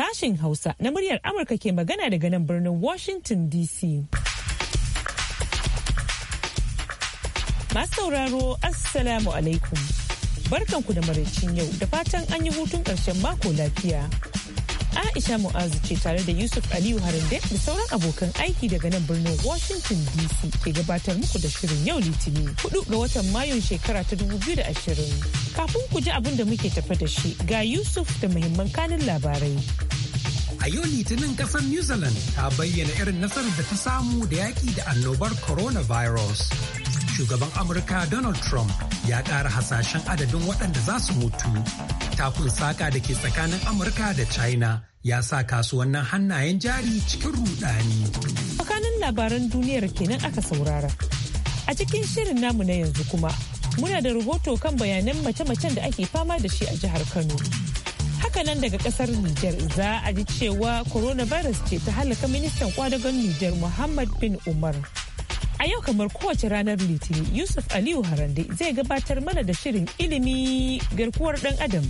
sashen Hausa na muryar Amurka ke magana daga nan birnin Washington DC. Masu sauraro Assalamu alaikum. Barkanku da maraicin yau da fatan an yi hutun ƙarshen mako lafiya. Aisha Mu'azu ce tare da Yusuf Aliyu Harande da sauran abokan aiki daga nan birnin Washington DC ke gabatar muku da shirin yau Litinin huɗu, ga watan Mayun shekara ta 2020. Kafin ku ji abin da muke tafe da shi ga Yusuf da muhimman kanin labarai. A yau Litinin kasar New Zealand ta bayyana irin nasarar da ta samu da yaƙi da annobar coronavirus. shugaban Amurka Donald Trump ya ƙara hasashen adadin waɗanda za su mutu. Takun saƙa da ke tsakanin Amurka da China ya sa kasuwannin hannayen jari cikin rudani. Tsakanin labaran duniyar kenan aka saurara. A cikin shirin namu na yanzu kuma, muna da rahoto kan bayanan mace-macen da ake fama da shi a jihar Kano. Hakanan daga kasar Nijar za a ji cewa coronavirus ce ta halaka ministan kwadagon Nijar Muhammad bin Umar. A yau kamar kowace ranar Litinin Yusuf Aliyu Harande zai gabatar mana da shirin ilimi garkuwar dan Adam.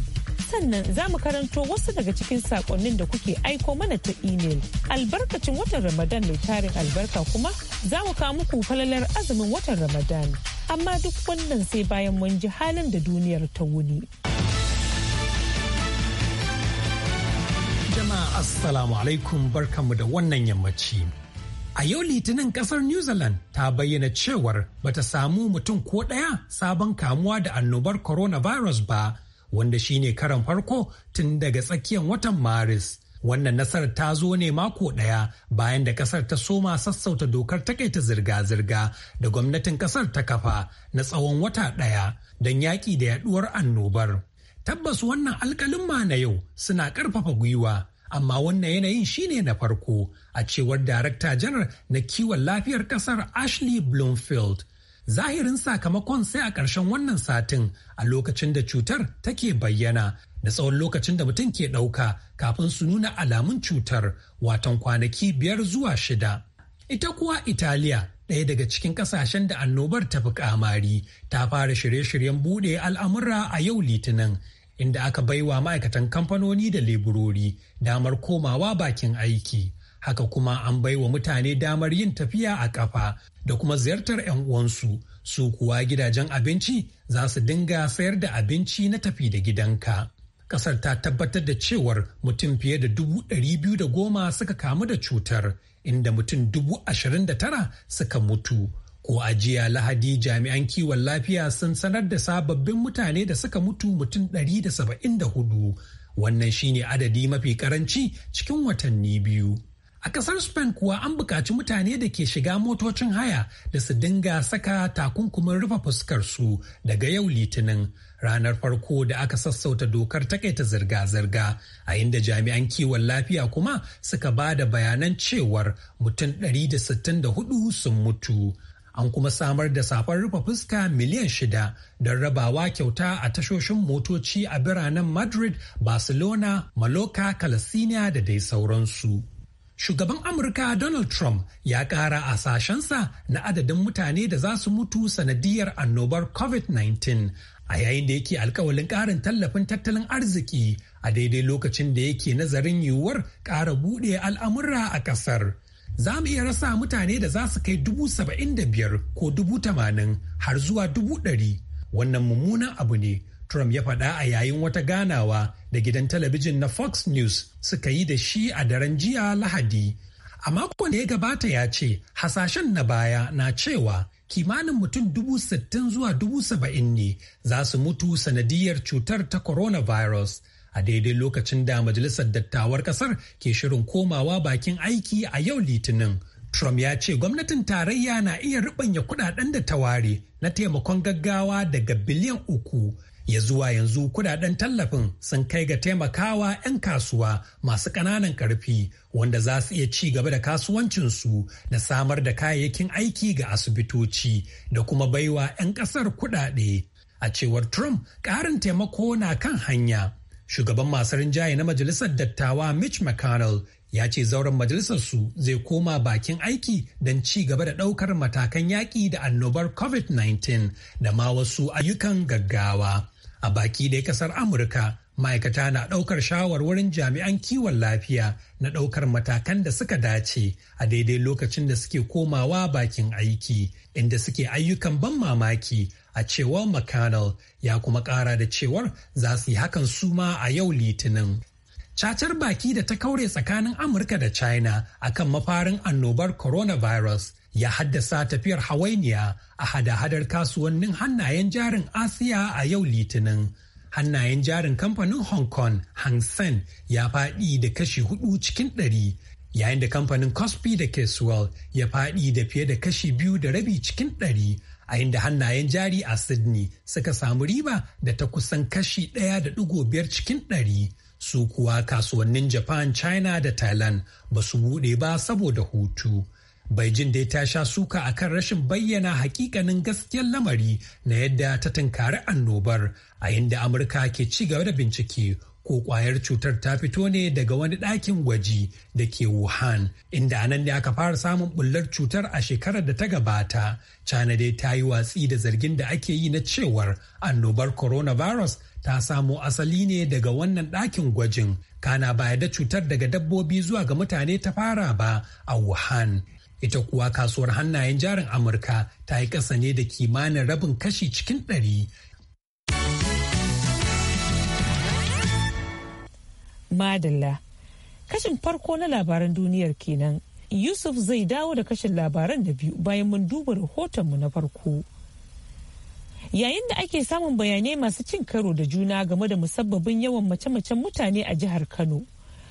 Sannan za mu karanto wasu daga cikin sakonnin da kuke aiko mana ta email Albarkacin watan Ramadan mai tarin albarka kuma za mu kawo muku falalar azumin watan Ramadan. Amma duk wannan sai bayan mun ji halin da duniyar ta wuni. Jama'a Assalamu alaikum barkanmu da wannan yammaci. A yau Litinin kasar New Zealand ta bayyana cewar bata samu mutum ko ɗaya sabon kamuwa da annobar coronavirus ba, wanda shine karan farko tun daga tsakiyar watan Maris. Wannan nasarar ta zo ne mako ɗaya bayan da kasar ta soma sassauta dokar takaita zirga-zirga da gwamnatin kasar ta kafa na tsawon wata ɗaya don yaƙi da yaɗuwar annobar. Tabbas wannan alkalin ma na yau suna ƙarfafa gwiwa amma wannan yanayin shine na farko a cewar darakta janar na kiwon lafiyar kasar ashley bloomfield zahirin sakamakon sai a ƙarshen wannan satin a lokacin da cutar take bayyana da tsawon lokacin da mutum ke ɗauka kafin su nuna alamun cutar watan kwanaki biyar zuwa shida ita kuwa italiya ɗaya daga cikin ƙasashen da annobar ta fi ƙamari, ta fara shirye-shiryen buɗe al'amura a yau litinin inda aka baiwa ma'aikatan kamfanoni da leburori damar komawa bakin aiki. Haka kuma an baiwa mutane damar yin tafiya a ƙafa da kuma ziyartar 'yan uwansu, su kuwa gidajen abinci za su dinga sayar da abinci na tafi da gidanka. Kasar ta tabbatar da cewar mutum fiye da dubu ɗari biyu da goma suka kamu da cutar, inda mutum dubu ashirin da tara suka mutu. Ko a jiya Lahadi jami'an kiwon lafiya sun sanar da sababbin mutane da suka mutu mutum 174 wannan shine adadi mafi karanci cikin watanni biyu. A kasar Spain kuwa an buƙaci mutane da ke shiga motocin haya da su dinga saka takunkumin rufe fuskar su daga yau litinin ranar farko da aka sassauta dokar takaita zirga-zirga a inda jami'an kiwon lafiya kuma suka ba da bayanan cewar mutum 164 sun mutu. an kuma samar da safar rufe fuska miliyan shida don rabawa kyauta a tashoshin motoci a biranen madrid barcelona maloka calasiniya da dai sauransu shugaban amurka donald trump ya kara a sashensa na adadin mutane da za su mutu sanadiyar annobar covid-19 a yayin da yake alkawalin karin tallafin tattalin arziki a daidai lokacin da yake nazarin yiwuwar kara buɗe al'amura a ƙasar. za mu iya rasa mutane da za su kai dubu saba'in da biyar ko dubu tamanin har zuwa dubu ɗari wannan mummunan abu ne trump ya faɗa a yayin wata ganawa da gidan talabijin na fox news suka yi da shi a daren jiya lahadi a makon da ya gabata ya ce hasashen na baya na cewa kimanin mutum dubu sittin zuwa dubu saba'in ne za su mutu sanadiyar cutar ta coronavirus a daidai lokacin da majalisar dattawar kasar ke shirin komawa bakin aiki a yau litinin trump ya ce gwamnatin tarayya na iya ribanya kudaden da ta ware na taimakon gaggawa daga biliyan uku ya zuwa yanzu kudaden tallafin sun kai ga taimakawa 'yan kasuwa masu ƙananan ƙarfi wanda za su iya ci gaba da kasuwancinsu da samar da kayayyakin aiki ga asibitoci da kuma baiwa 'yan ƙasar kudade a cewar trump ƙarin taimako na kan hanya Shugaban masu rinjaye na majalisar dattawa Mitch McConnell ya ce zauren majalisarsu zai koma bakin aiki don ci gaba da ɗaukar matakan yaƙi da annobar COVID-19 da ma wasu ayyukan gaggawa. A baki daya kasar Amurka ma'aikata na ɗaukar shawarwarin jami'an kiwon lafiya na ɗaukar matakan da suka dace a daidai lokacin da suke komawa bakin aiki inda suke ayyukan ban mamaki a cewar mcconnell ya kuma kara da cewar za su yi hakan suma a yau litinin cacar baki da ta kaure tsakanin amurka da china a kan mafarin annobar coronavirus ya haddasa tafiyar hawainiya a hada-hadar kasuwannin hannayen jarin asiya a yau litinin hannayen jarin kamfanin hong kong hang seng ya faɗi da kashi hudu cikin ɗari yayin da kamfanin cosby da caswell ya faɗi da fiye da kashi biyu da rabi cikin ɗari a inda hannayen jari a Sydney suka samu riba da ta kusan kashi ɗaya da biyar cikin ɗari. Su kuwa kasuwannin Japan, China da Thailand ba su buɗe ba saboda hutu. Beijing dai ta sha suka a kan rashin bayyana hakikanin gaskiyar lamari na yadda ta tunkari annobar a inda Amurka ke ci gaba da bincike ko kwayar cutar ta fito ne daga wani ɗakin gwaji da ke Wuhan, inda anan ne aka fara samun bullar cutar a shekarar da ta gabata. China dai ta yi watsi da zargin da ake yi na cewar annobar coronavirus ta samo asali ne daga wannan ɗakin gwajin. Kana baya da cutar daga dabbobi zuwa ga mutane ta fara ba a Wuhan. ita kuwa kasuwar hannayen jarin amurka ta yi ƙasa ne da kimanin rabin kashi cikin ɗari Madalla. Kashin farko na labaran duniyar kenan. Yusuf zai dawo da kashin labaran da biyu bayan mun duba rahotonmu na farko. Yayin da ake samun bayanai masu cin karo da juna game da musabbabin yawan mace-macen mutane a jihar Kano.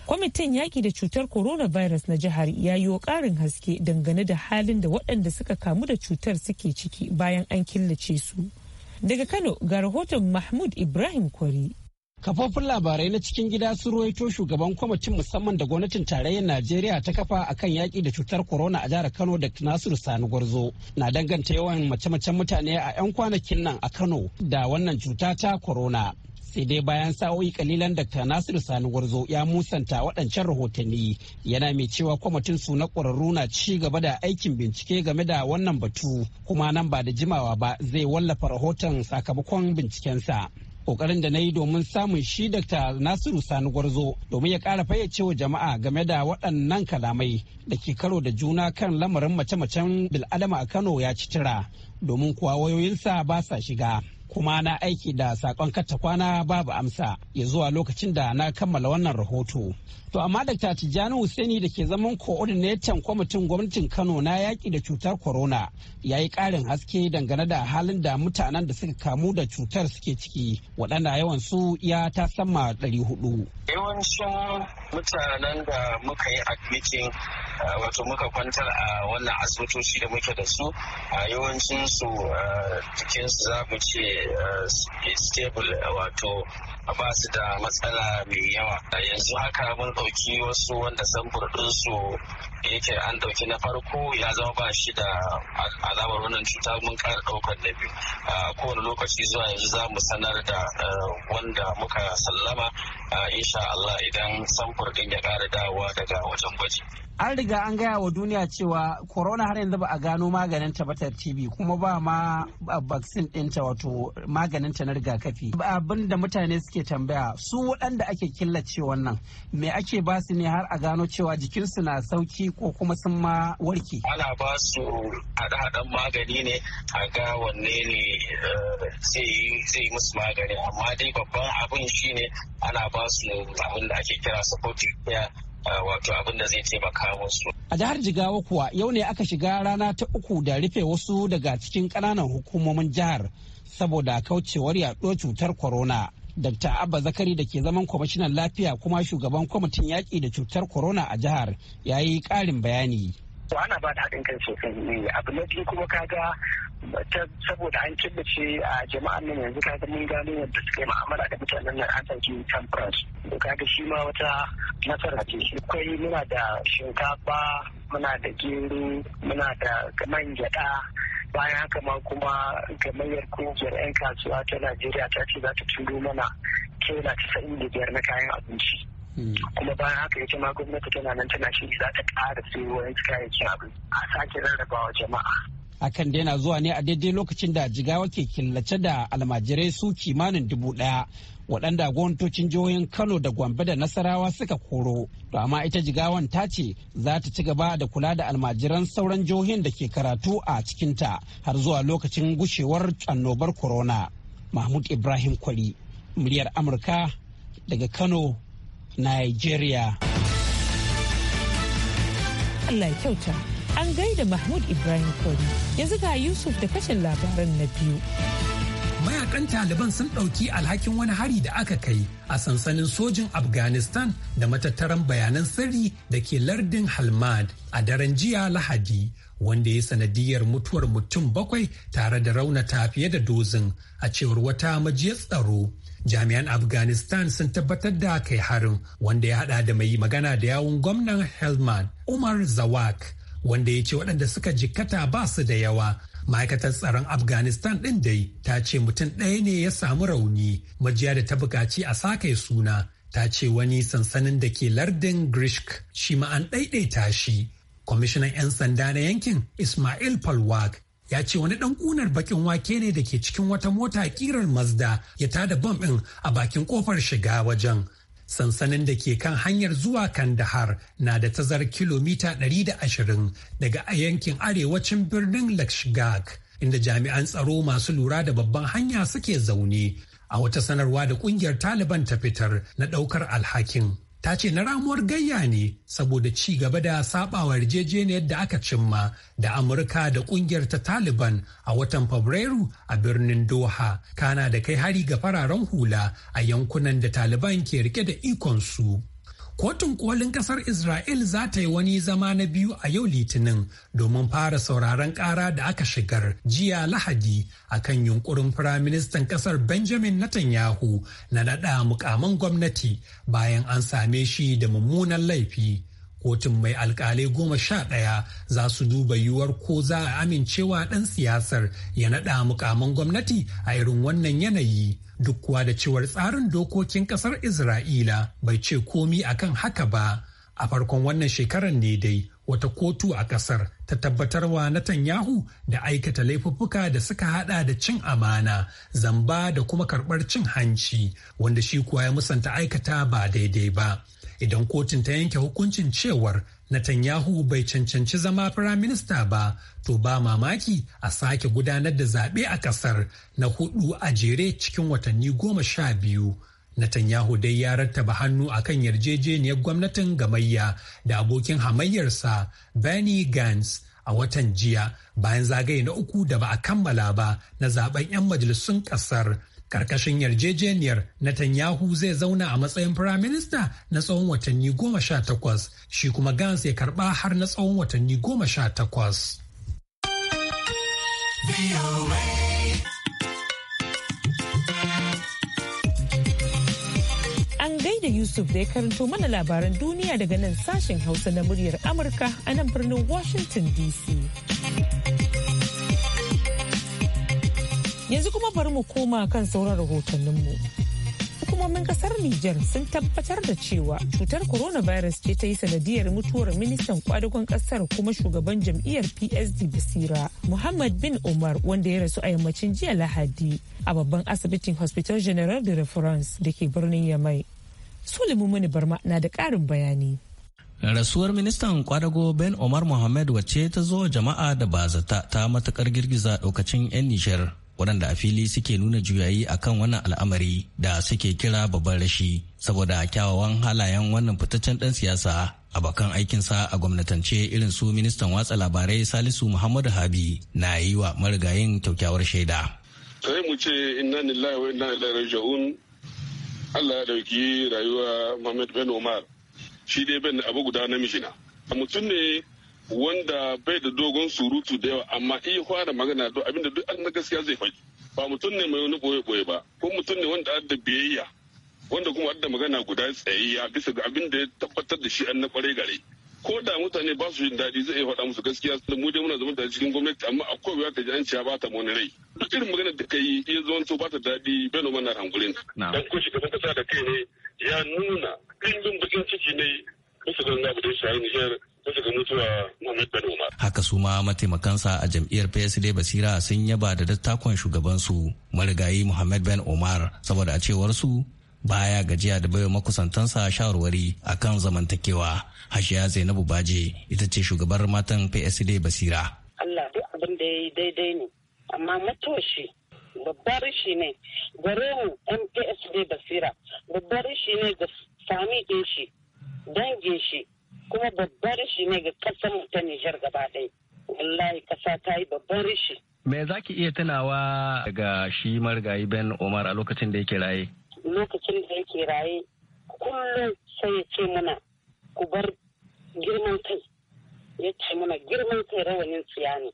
Kwamitin yaƙi da cutar coronavirus na jihar ya yi ƙarin haske dangane da halin da waɗanda suka kamu da cutar suke ciki bayan an killace su. Daga Kano ga rahoton Mahmud Ibrahim Kwari. Kafofin labarai na cikin gida sun ruwaito shugaban kwamitin musamman da gwamnatin tarayyar Najeriya ta kafa akan yaƙi da cutar corona a jihar Kano da Nasiru Sani Gwarzo na danganta yawan mace-macen mutane a 'yan kwanakin nan a Kano da wannan cuta ta corona. sai dai bayan sa'o'i kalilan dr nasiru sani gwarzo ya musanta waɗancan rahotanni yana mai cewa kwamitin su na ƙwararru na ci gaba da aikin bincike game da wannan batu kuma nan ba da jimawa ba zai wallafa rahoton sakamakon bincikensa kokarin da na yi domin samun shi Dr. Nasiru Sani Gwarzo domin ya kara fayyace wa jama'a game da waɗannan kalamai da ke karo da juna kan lamarin mace-macen bil'adama a Kano ya ci tira domin kuwa wayoyinsa ba sa shiga. kuma na aiki da sakon kwana babu amsa ya zuwa lokacin da na kammala wannan rahoto. To amma Dr. Tijjani Hussaini da ke zaman coordinator kwamitin gwamnatin Kano na yaƙi da cutar corona ya yi ƙarin haske dangane da halin da mutanen da suka kamu da cutar suke ciki waɗanda yawan su ya ta sama ɗari hudu. Yawancin mutanen da muka yi admitin uh, wato muka kwantar a wannan asibitoci da muke da su a yawancin su uh, jikinsu za mu ce uh, stable wato ba su da matsala mai yawa yanzu haka mun ɗauki wasu wanda samfur su yake an ɗauki na farko ya zama ba shi da alamar wannan cuta mun ƙara ɗaukar na biyu a kowane lokaci zuwa yanzu za mu sanar da eh, wanda muka sallama eh, insha Allah idan samfur ɗin ya ƙara dawowa daga wajen gwaji. an riga an gaya wa duniya cewa corona har yanzu ba a gano maganin ta batar tb kuma ba ma vaccine ɗinta wato maganin ta na rigakafi abin da mutane suke tambaya su waɗanda ake killace wannan me ake ba su ne har a gano cewa jikinsu na sauki ko kuma sun ma warke ana ba su haɗe-haɗen magani ne a ga wanne ne eh, zai yi musu magani amma dai babban abin shine ana ba su abin da ake kira supportive care wato abin da zai taimaka wasu. A jihar Jigawa kuwa yau ne aka shiga rana ta uku da rufe wasu daga cikin ƙananan hukumomin jihar saboda kaucewar yaɗuwar cutar corona. Dr. Abba Zakari da ke zaman kwamishinan lafiya kuma shugaban kwamitin yaƙi da cutar corona a jihar ya yi ƙarin bayani. to ana ba da haɗin kai sosai eh, abu na biyu kuma kaga saboda an killace a jama'an nan yanzu kaga mun gano yadda suka yi ma'amala da mutanen nan an ɗauki temperance to kaga shi ma wata nasara ce shi kai muna da shinkafa muna da gero muna da man gyaɗa bayan haka ma kuma gamayyar kungiyar 'yan kasuwa ta najeriya ta ce za ta turo mana kela casa'in da na kayan abinci kuma bayan haka ita ma gwamnati tana nan tana shiri za ta ƙara sayo wani kayayyakin abin a sake rarrabawa jama'a akan daina zuwa ne a daidai lokacin da jigawa ke killace da almajirai su kimanin dubu ɗaya waɗanda gwamnatocin jihohin kano da gombe da nasarawa suka koro to amma ita jigawan ta ce za ta ci gaba da kula da almajiran sauran jihohin da ke karatu a cikinta har zuwa lokacin gushewar annobar corona mahmud ibrahim kwari muryar amurka daga kano Nigeria. Allah kyauta an gaida Mahmud Ibrahim Kori yanzu ga Yusuf da kashin labaran na biyu. Mayakan taliban sun ɗauki alhakin wani hari da aka kai a sansanin sojin Afghanistan da matattaran bayanan sirri da ke lardin Halmad a daren jiya Lahadi wanda ya sanadiyar mutuwar mutum bakwai tare da raunata fiye da dozin a cewar wata majiyar tsaro. jami'an afghanistan sun tabbatar da kai harin wanda ya hada da mai magana da yawun gwamnan helman umar zawak wanda ya ce waɗanda suka jikkata ba su da yawa ma'aikatar tsaron afghanistan ɗin dai ta ce mutum ɗaya ne ya samu rauni majiya da ta buƙaci a sake suna ta ce wani sansanin da ke lardin grishk shi ma an ɗaiɗaita shi kwamishinan 'yan sanda na yankin ismail palwak ya ce wani dan kunar bakin wake ne da ke cikin wata mota kirar mazda ya tada bom ɗin a bakin kofar shiga wajen sansanin da ke kan hanyar zuwa kandahar na da tazar kilomita 120 daga a yankin arewacin birnin lakshgag inda jami'an tsaro masu lura da babban hanya suke zaune a wata sanarwa da kungiyar taliban ta fitar na daukar alhakin ta ce na ramuwar gayya ne saboda ci gaba da sabawa yarjejeniyar da aka cimma da amurka da kungiyar ta taliban a watan fabrairu a birnin doha kana da kai hari ga fararen hula a yankunan da taliban ke rike da ikonsu Kotun kolin kasar Isra'il za ta yi wani zama na biyu a yau litinin domin fara sauraron kara da aka shigar jiya lahadi a kan yunkurin firaministan kasar Benjamin Netanyahu na naɗa mukamin gwamnati bayan an same shi da mummunan laifi. kotun mai alkalai goma sha ɗaya za su duba yiwuwar ko za a amincewa ɗan siyasar ya naɗa mukamin gwamnati a irin wannan yanayi duk kuwa da cewar tsarin dokokin ƙasar isra'ila bai ce komi akan haka ba a farkon wannan shekarar ne dai wata kotu a ƙasar ta tabbatarwa Tanyahu da aikata laifuffuka da suka hada da cin amana, zamba da kuma karɓar cin hanci, wanda shi kuwa ya musanta aikata ba daidai ba. idan kotun ta yanke hukuncin cewar Netanyahu bai cancanci zama firaminista ba, to ba mamaki a sake gudanar da zaɓe a ƙasar na hudu a jere cikin watanni goma sha biyu. Netanyahu dai ya rattaba hannu a kan yarjejeniyar gwamnatin gamayya da abokin hamayyarsa Benny Gantz a watan jiya bayan zagaye na uku da ba a kammala ba na zaben 'yan majalisun ƙasar Karkashin yarjejeniyar Netanyahu zai zauna a matsayin firaminista na tsawon watanni goma sha takwas, shi kuma Gans ya karɓa har na tsawon watanni goma sha takwas. An gaida Yusuf da ya karanto mana labaran duniya daga nan sashen Hausa na muryar Amurka a nan birnin Washington DC. Yanzu kuma bari mu koma kan sauran rahotanninmu. Hukumomin kasar Nijar sun tabbatar da cewa cutar coronavirus ce ta yi sanadiyar mutuwar ministan kwadagon kasar kuma shugaban jam'iyyar PSD Basira Muhammad bin Umar wanda ya rasu a yammacin jiya Lahadi a babban asibitin Hospital General de Reference da ke birnin Yamai. Sulimu Mini Barma na da ƙarin bayani. rasuwar ministan kwadago ben omar mohamed wacce ta zo jama'a da bazata ta matukar girgiza daukacin 'yan nijar waɗanda a fili suke nuna juyayi akan wannan al'amari da suke kira babban rashi saboda kyawawan halayen wannan fitaccen ɗan siyasa a bakan aikinsa a gwamnatance irin su ministan watsa labarai salisu muhammadu habi na yi wa marigayin kyaukyawar shaida. sai mu ce inna lillahi wa inna ilaihi raji'un Allah ya dauki rayuwa Muhammad bin Umar shi dai bin abu guda na mishina mutum ne wanda bai da dogon surutu da yawa amma iya fara magana don abinda duk an na gaskiya zai faɗi ba mutum ne mai wani boye-boye ba ko mutum ne wanda adda biyayya wanda kuma adda magana guda tsayayya bisa ga abin da ya tabbatar da shi an na kware gare ko da mutane ba su jin daɗi zai faɗa musu gaskiya mu dai muna zama da cikin gwamnati amma akwai wuya ka ji an ciya ba ta mu rai duk irin magana da kai iya zuwan to ba ta daɗi bai mana hankulin dan ko shugaban kasa da kai ne ya nuna bin bakin ciki ne Haka su ma mataimakansa a jam'iyyar PSD Basira sun yaba da dattakon shugabansu marigayi Muhammad Ben Omar saboda a cewar su baya gajiya da baiwa makusantansa shawarwari a kan zamantakewa. Hashiya Zainabu Baje ita ce shugabar matan PSD Basira. Allah duk abin da ya yi daidai ne amma matoshi babbar shi ne gare mu MPSD Basira babbar shi ne ga sami shi dage shi kuma babban rashi ne ga kasar ta Nijar gaba ɗaya. Wallahi kasa ta yi babban rashi. Me za ki iya tunawa daga shi margayi Ben Omar a lokacin da yake raye? Lokacin da yake raye kullum sai ya ce mana ku bar girman kai. Ya ce mana girman kai rawanin tsiya ne.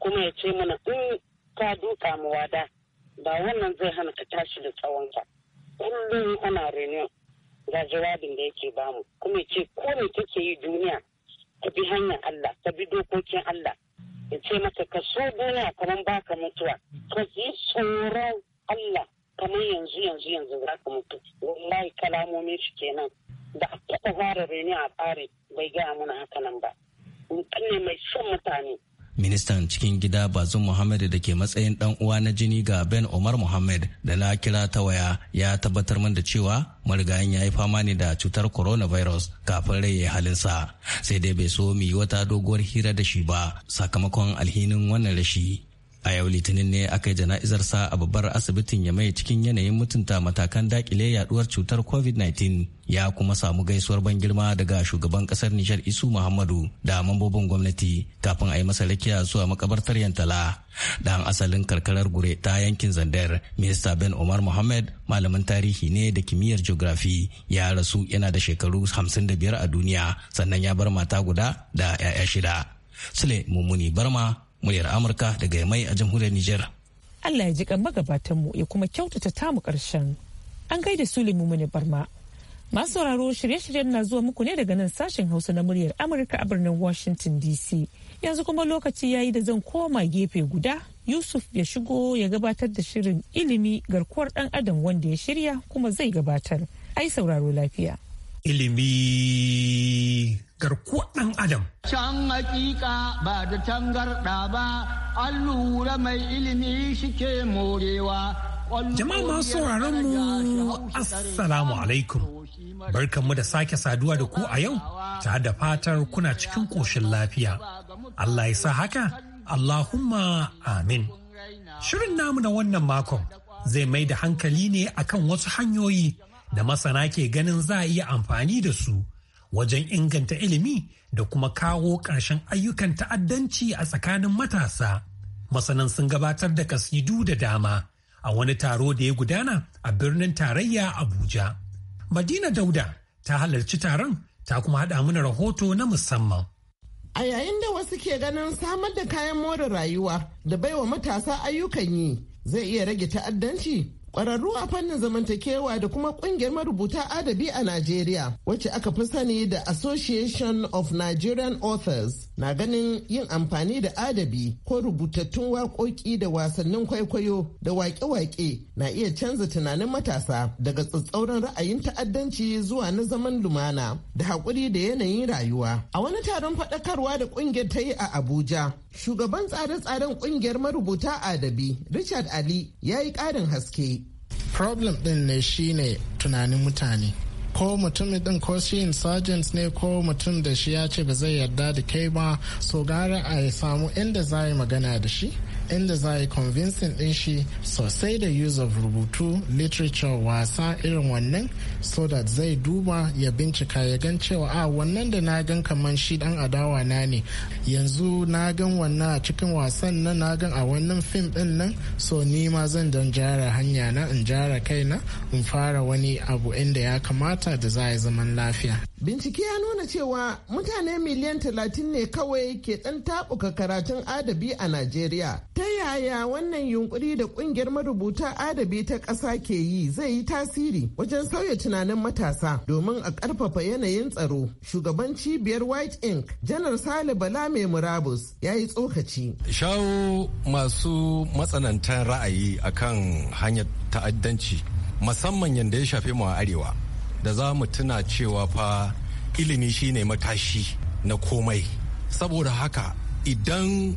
Kuma ya ce mana in ka duka mu wada ba wannan zai hana ka tashi da tsawonka. Kullum ana reunion ga jawabin da yake bamu kuma ce ko me take yi duniya ta bi hanyar Allah ta bi dokokin Allah ya ce maka ka so duniya kamar baka mutuwa ka yi tsoron Allah kamar yanzu yanzu yanzu za ka mutu wallahi kalamomin shi kenan da a taɓa fara reni a tsari bai gaya mana haka nan ba mutum ne mai son mutane ministan cikin gida bazum muhammad da ke matsayin dan uwa na jini ga ben omar muhammad da na kira ta waya ya tabbatar min da cewa marigayin ya yi fama ne da cutar coronavirus kafin rai ya halinsa sai dai bai so mu yi wata doguwar hira da shi ba sakamakon alhinin wannan rashi a yau litinin ne aka yi jana'izar sa a babbar asibitin ya mai cikin yanayin mutunta matakan dakile yaduwar cutar covid-19 ya kuma samu gaisuwar ban girma daga shugaban kasar nijar isu muhammadu da mambobin gwamnati kafin a yi masa rakiya zuwa makabartar yantala dan asalin karkarar gure ta yankin zandar minista ben omar muhammad malamin tarihi ne da kimiyyar geography ya rasu yana da shekaru 55 a duniya sannan ya bar mata guda da 'ya'ya shida sule mummuni barma muryar amurka daga mai a jamhuriyar niger allah ya ji magabatan mu ya kuma kyautata tamu karshen an gaida sulimu mini barma masu sauraro shirye-shiryen na zuwa muku ne daga nan sashen hausa na muryar amurka a birnin washington dc yanzu kuma lokaci ya yi da zan koma gefe guda yusuf ya shigo ya gabatar da shirin ilimi garkuwar dan adam wanda ya shirya kuma zai gabatar ai sauraro lafiya ilimi garkuwar ɗan adam. Can hakika ba da tangarɗa ba, an lura mai ilimi shike morewa. Jama'a masu sauraron mu Assalamu alaikum. Barkanmu da sake saduwa da ku a yau, ta da fatar kuna cikin ƙoshin lafiya. Allah ya sa haka, Allahumma amin. Shirin namu na wannan makon zai mai da hankali ne akan wasu hanyoyi da masana ke ganin za a iya amfani da su. wajen inganta ilimi da kuma kawo ƙarshen ayyukan ta'addanci a tsakanin matasa. Masanan sun gabatar da kasidu da dama a wani taro da ya gudana a birnin tarayya Abuja. Madina Dauda ta halarci taron ta kuma haɗa mana rahoto na musamman. A yayin da wasu ke ganin samar da kayan more rayuwa da baiwa matasa ayyukan yi zai iya rage ta'addanci kwararru a fannin zamantakewa da kuma kungiyar marubuta adabi a Najeriya, wacce aka fi sani da Association of Nigerian Authors. na ganin yin amfani da adabi ko rubutattun waƙoƙi da wasannin kwaikwayo da waƙe-waƙe na iya canza tunanin matasa daga tsatsauran ra'ayin ta'addanci zuwa na zaman lumana da haƙuri da yanayin rayuwa. A wani taron faɗakarwa da ƙungiyar ta yi a Abuja, shugaban tsare-tsaren ƙungiyar marubuta adabi Richard Ali ya yi ƙarin haske. Problem ɗin ne shine tunanin mutane. ko mutumin din ko shi insurgent ne ko mutum da shi ya ce ba zai yarda da kai ba so gara a samu inda za yi magana da shi inda za a yi convincing din shi sosai da use of rubutu literature wasa irin wannan so that zai duba ya bincika ya gan cewa a ah, wannan da na gan kamar shi dan adawa na ne yanzu na gan wannan a cikin wasan na na gan a wannan fim din nan so ni ma zan dan jara hanya na in jara kaina in fara wani abu inda ya kamata da za a yi zaman lafiya Bincike ya nuna cewa mutane miliyan talatin ne kawai ke ɗan taɓuka karatun adabi a Najeriya. Ta yaya wannan yunkuri da ƙungiyar marubuta adabi ta ƙasa ke yi zai yi tasiri wajen sauya tunanin matasa domin a ƙarfafa yanayin tsaro. Shugaban cibiyar White Ink Janar Sale Bala mai murabus ya yi tsokaci. Shawo masu matsanantar ra'ayi akan hanyar ta'addanci musamman yadda ya shafe mu a arewa. da za mu tuna cewa fa ilimi shine matashi na komai saboda haka idan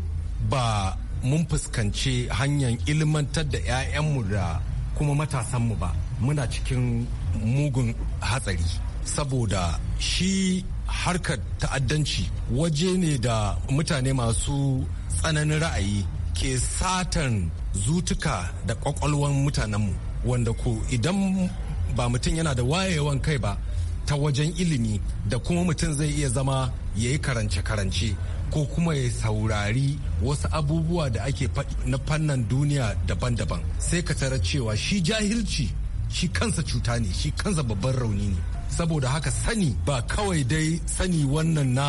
ba mun fuskanci hanyar ilmantar da 'ya'yanmu da kuma matasanmu ba muna cikin mugun hatsari saboda shi harkar ta'addanci waje ne da mutane masu tsananin ra'ayi ke satan zutuka da kwakwalwan mutanenmu wanda ko idan ba mutum yana da wayewan kai ba ta wajen ilimi da kuma mutum zai iya zama ya yi karance-karance ko kuma ya saurari wasu abubuwa da ake na fannin duniya daban-daban sai ka tara cewa shi jahilci shi kansa cuta ne shi kansa babban rauni ne saboda haka sani ba kawai dai sani wannan na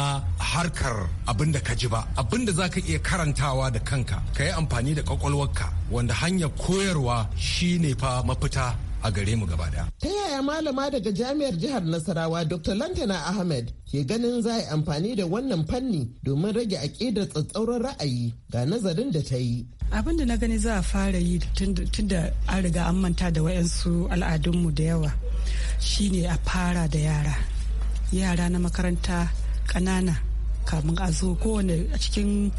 harkar abin da ka ji ba abin da za ka iya karantawa da kanka ka yi amfani da kwakwalwarka wanda hanyar koyarwa shine fa mafita a gare mu gaba daya. Ta yaya malama daga jami'ar jihar Nasarawa Dr. Lantana Ahmed ke ganin za a amfani da wannan fanni domin rage aƙidar tsatsauran ra'ayi ga nazarin da ta yi. Abin da na gani za a fara yi tun da an riga an manta da wayansu al'adunmu da yawa. shine a fara da yara yara na makaranta ƙanana kamun a zo kowane a cikin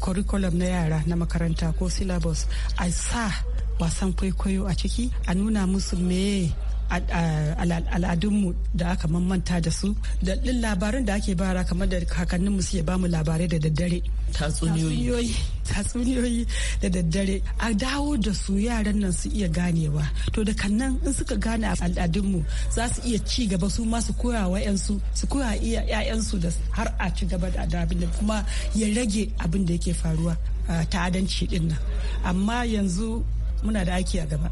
curriculum na yara na makaranta ko syllabus a sa wasan kwaikwayo a ciki a nuna musu meye al'adunmu da aka mamanta da su da ɗin labarin da ake bara kamar da kakanninmu suke ya bamu labarai da daddare tatsuniyoyi da daddare a dawo da su yaran nan su iya ganewa to da kannan in suka gane al'adunmu za su iya ci gaba su ma su koya wa yansu su koya iya yayansu da har a ci gaba da adabin kuma ya rage abin da yake faruwa ta'adanci din nan amma yanzu muna da aiki a gaba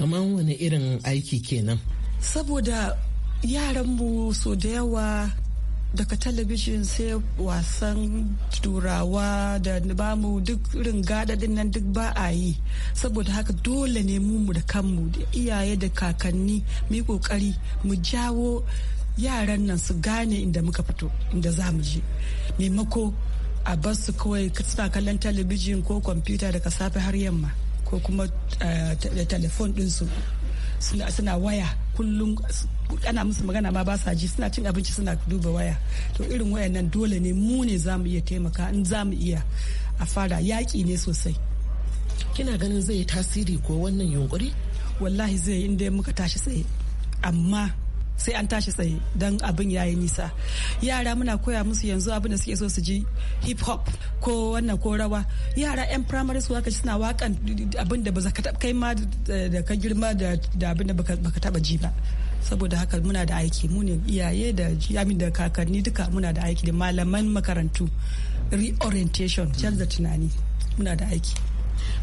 kamar wani irin aiki kenan saboda yaranmu so da yawa daga talabijin sai wasan turawa da bamu duk irin gadadin nan duk ba a yi saboda haka dole ne mu da kanmu da iyaye da kakanni mu yi kokari mu jawo yaran nan su gane inda muka fito inda za mu je maimako a basu kawai suna kallon talabijin ko kwamfuta daga safe har yamma ko kuma eh, telefon dinsu suna waya kullum ana musu magana ma ba sa ji suna cin abinci suna duba waya to irin nan dole ne mu ne za mu iya taimaka in za mu iya a fara yaƙi ne sosai kina ganin zai tasiri ko wannan yunkuri wallahi zai yi inda muka tashi sai amma sai an tashi tsaye don abin ya yi nisa yara muna koya musu yanzu abin da suke so su ji hip hop ko wannan ko rawa yara yan primary su waka suna wakan abin da ba ka kai ma da ka girma da abin da baka taba ji ba saboda haka muna da aiki mu ne iyaye da jami da kakanni duka muna da aiki da malaman makarantu reorientation canza tunani muna da aiki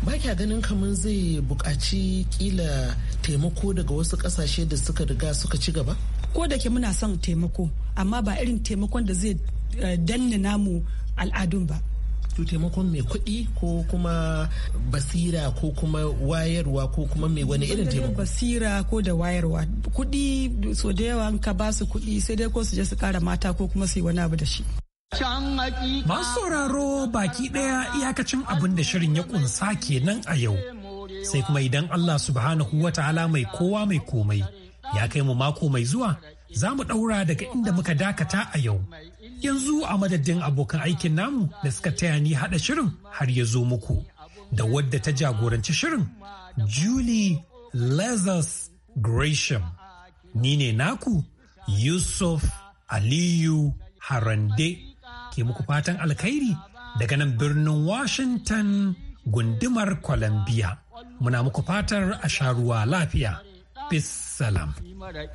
ba kya ganin kamar zai buƙaci kila taimako daga wasu ƙasashe da suka riga suka ci gaba ko da ke muna son taimako amma ba irin taimakon da zai eh, danna namu al'adun ba to taimakon mai kuɗi ko kuma basira ko kuma wayarwa ko kuma mai wani irin taimako basira ko da wayarwa kuɗi so da yawa ka ba su kuɗi sai dai ko su je su kara mata ko kuma su yi wani abu da shi Masu sauraro baki ɗaya iyakacin abin da shirin ya ƙunsa kenan a yau. Sai kuma idan Allah subhanahu wa ta'ala mai kowa mai komai ya kai mu mako mai zuwa za mu ɗaura daga inda muka dakata a yau. Yanzu a madadin abokan aikin namu da suka taya ni haɗa shirin har ya zo muku. Da wadda ta jagoranci shirin Julie Lazarus Gresham. Ni ne naku Yusuf Aliyu Harande. ke muku fatan alkhairi daga nan birnin Washington gundumar Columbia. Muna muku fatar a sha ruwa lafiya. Bis salam.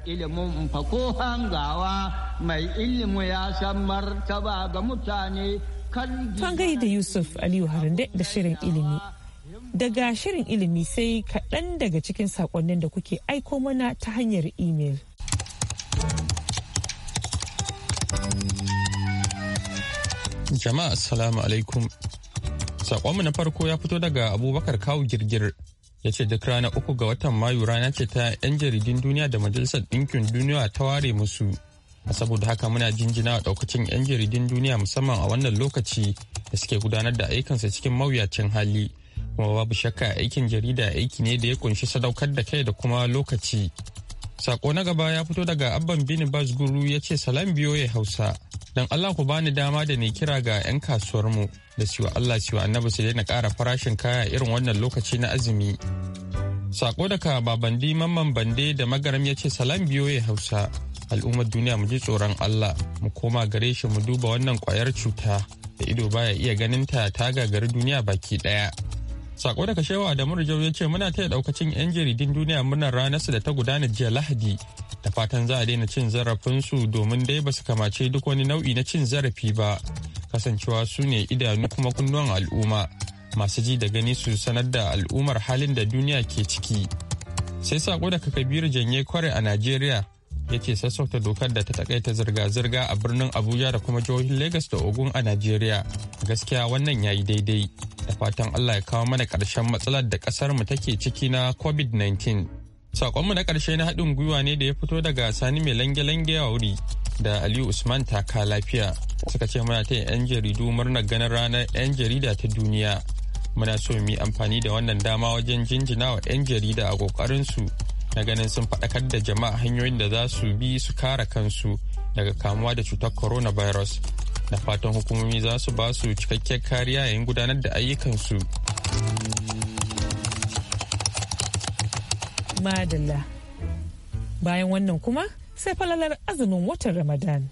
ilimin fako hangawa mai ilimu ya san martaba ga mutane kan da Yusuf Aliyu Harande da shirin ilimi. Daga shirin ilimi sai kaɗan daga cikin saƙonnin da kuke aiko mana ta hanyar imel. Jama'a Assalamu alaikum. Sakonmu na farko ya fito daga Abubakar Kawu Girgir ya ce duk rana uku ga watan Mayu rana ce ta 'yan jaridun duniya da Majalisar Ɗinkin Duniya ta ware musu. saboda haka muna jinjina daukacin 'yan jaridun duniya musamman a wannan lokaci da suke gudanar da aikansa cikin mawuyacin hali kuma babu shakka aikin jarida aiki ne da ya kunshi sadaukar da kai da kuma lokaci Sako na gaba ya fito daga Abban Bini Basguru ya ce salam biyoye Hausa. Don Allah ku bani dama da ne kira ga 'yan kasuwarmu da siwa Allah siwa annabi su daina kara farashin kaya irin wannan lokaci na azumi. Sako daga Babandi Mamman Bande da Magaram ya ce salam biyoye Hausa. Al'ummar duniya mu ji tsoron Allah mu koma gare shi mu duba wannan kwayar cuta da ido baya iya ganin ta ta gagari duniya baki ɗaya. Sako da kashewa da murjau ya ce muna taya daukacin 'yan jaridun duniya murnar ranarsu da ta gudana jiya Lahadi. Da fatan za a daina cin zarafin su domin dai ba su kamace duk wani nau'i na cin zarafi ba. Kasancewa su ne idanu kuma kunnuwan al'umma. Masu ji da gani su sanar da al'ummar halin da duniya ke ciki. Sai sako daga Kabiru Janye Kware a Najeriya ya ce sassauta dokar da ta takaita zirga-zirga a birnin Abuja da kuma jihohin Legas da Ogun a Najeriya. Gaskiya wannan ya yi daidai. da fatan Allah ya kawo mana ƙarshen matsalar da ƙasar mu take ciki na COVID-19. Sakonmu na ƙarshe na haɗin gwiwa ne da ya fito daga Sani mai lange-lange a wuri da Aliyu Usman taka lafiya suka ce muna ta 'yan jaridu murnar ganin ranar 'yan jarida ta duniya. Muna so mu yi amfani da wannan dama wajen jinjina wa 'yan jarida a su na ganin sun faɗakar da jama'a hanyoyin da za su bi su kara kansu daga kamuwa da cutar coronavirus na fatan hukumomi za su ba su cikakkiyar kariya yayin gudanar da ayyukansu. Madalla. Bayan wannan kuma sai falalar azumin watan Ramadan.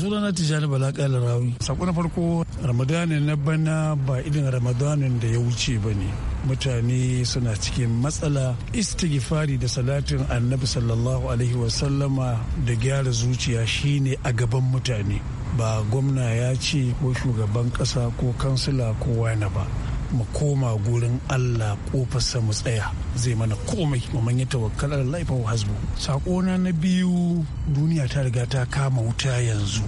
sunana tijani bala kaila sako na farko ramadanin na bana ba irin ramadanin da ya wuce ba ne mutane suna cikin matsala istighfari da salatin annabi sallallahu alaihi wasallama da gyara zuciya shine a gaban mutane ba gwamna ya ce ko shugaban ƙasa ko kansila ko wani ba mu koma gurin Allah kofarsa mu tsaya zai mana komai mu manya tawakkal Allah fa hasbu sakona na biyu duniya ta riga ta kama wuta yanzu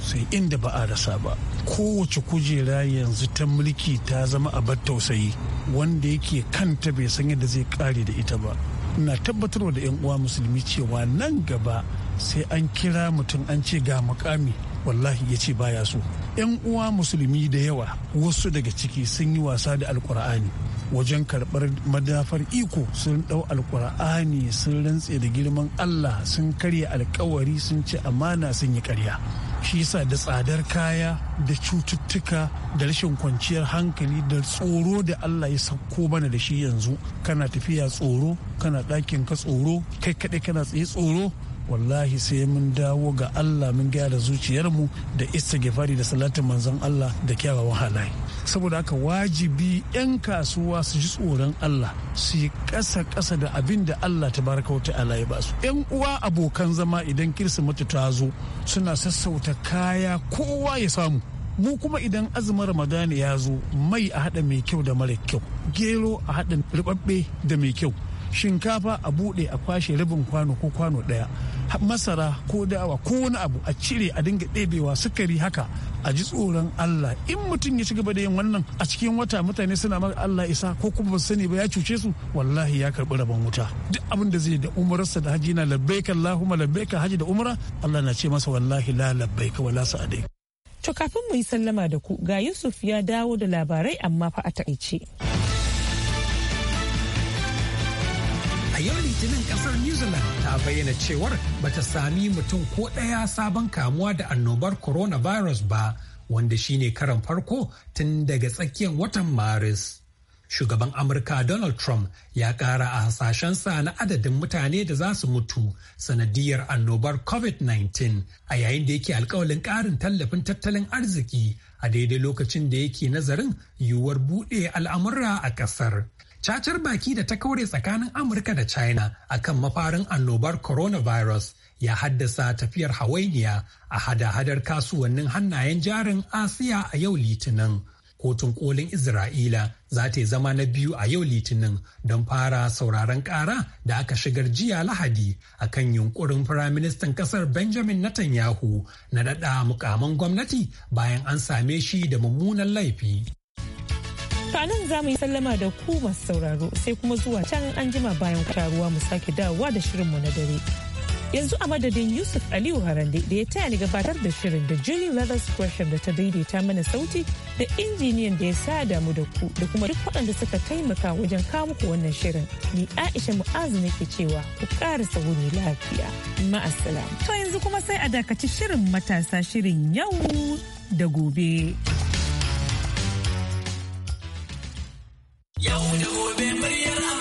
sai inda ba a rasa ba kowace kujera yanzu ta mulki ta zama a abar tausayi wanda yake kanta bai san yadda zai kare da ita ba Ina tabbatarwa da 'yan uwa musulmi cewa nan gaba sai an kira mutum an ce ga mukami wallahi ya ce baya so yan uwa musulmi da yawa wasu daga ciki sun yi wasa da alkur'ani wajen karɓar madafar iko sun ɗau alkur'ani sun rantse da girman allah sun karya alkawari sun ci amana sun yi karya shi yasa da tsadar kaya da cututtuka da rashin kwanciyar hankali da tsoro da Allah ya sauko mana da shi yanzu kana tafiya tsoro kana ɗakin ka tsoro kai kaɗai kana tsaye tsoro wallahi sai mun dawo ga Allah mun gyara zuciyarmu da istighfari da salatin manzon Allah da kyawawan halaye saboda haka wajibi 'yan kasuwa su ji tsoron Allah su yi ƙasa ƙasa da abin da Allah ta baraka wata ala ba su. 'yan uwa abokan zama idan kirsimati ta zo suna sassauta kaya kowa ya samu mu kuma idan azumin ramadani ya zo mai a haɗa mai kyau da mara kyau gero a haɗa riɓaɓɓe da mai kyau shinkafa a bude a kwashe rabin kwano ko kwano daya masara ko dawa ko wani abu a cire a dinga ɗebewa sukari haka a ji tsoron Allah in mutum ya ci gaba da yin wannan a cikin wata mutane suna maka Allah isa ko kuma ba sani ba ya cuce su wallahi ya karɓi rabon wuta duk abin da zai da umararsa da haji na labbaika Allahumma labbaika haji da umra Allah na ce masa wallahi la labbaika wala sa'adai to kafin mu yi sallama da ku ga Yusuf ya dawo da labarai amma fa a taƙaice. litinin kasar new zealand ta bayyana cewar bata sami mutum ko ɗaya sabon kamuwa da annobar coronavirus ba wanda shine karan farko tun daga tsakiyar watan maris shugaban amurka donald trump ya kara a hasashensa na adadin mutane da za su mutu sanadiyar annobar covid-19 a yayin da yake alkawalin karin tallafin tattalin arziki a daidai lokacin da yake nazarin yiwuwar buɗe al'amura a ƙasar cacar baki da ta kaure tsakanin amurka da china akan mafarin annobar coronavirus ya haddasa tafiyar hawainiya a hada-hadar kasuwannin hannayen jarin asiya a yau litinin kotun kolin isra'ila za ta zama na biyu a yau litinin don fara sauraron kara da aka shigar jiya lahadi a kan yunkurin firaministan kasar benjamin netanyahu na dada mukaman gwamnati bayan an same shi da mummunan laifi nan za mu yi sallama da ku masu sauraro sai kuma zuwa can an jima bayan ruwa mu sake dawowa da shirinmu na dare. Yanzu a madadin Yusuf Aliyu Harande da ya taya ni gabatar da shirin da Julie Leathers Question da ta daidaita mana sauti da injiniyan da ya sa damu da ku da kuma duk waɗanda suka taimaka wajen kawo ku wannan shirin. Ni Aisha Mu'azu nake cewa ku ƙara sauri lafiya. Ma'asalam. To yanzu kuma sai a dakaci shirin matasa shirin yau da gobe. Yau da gobe muryar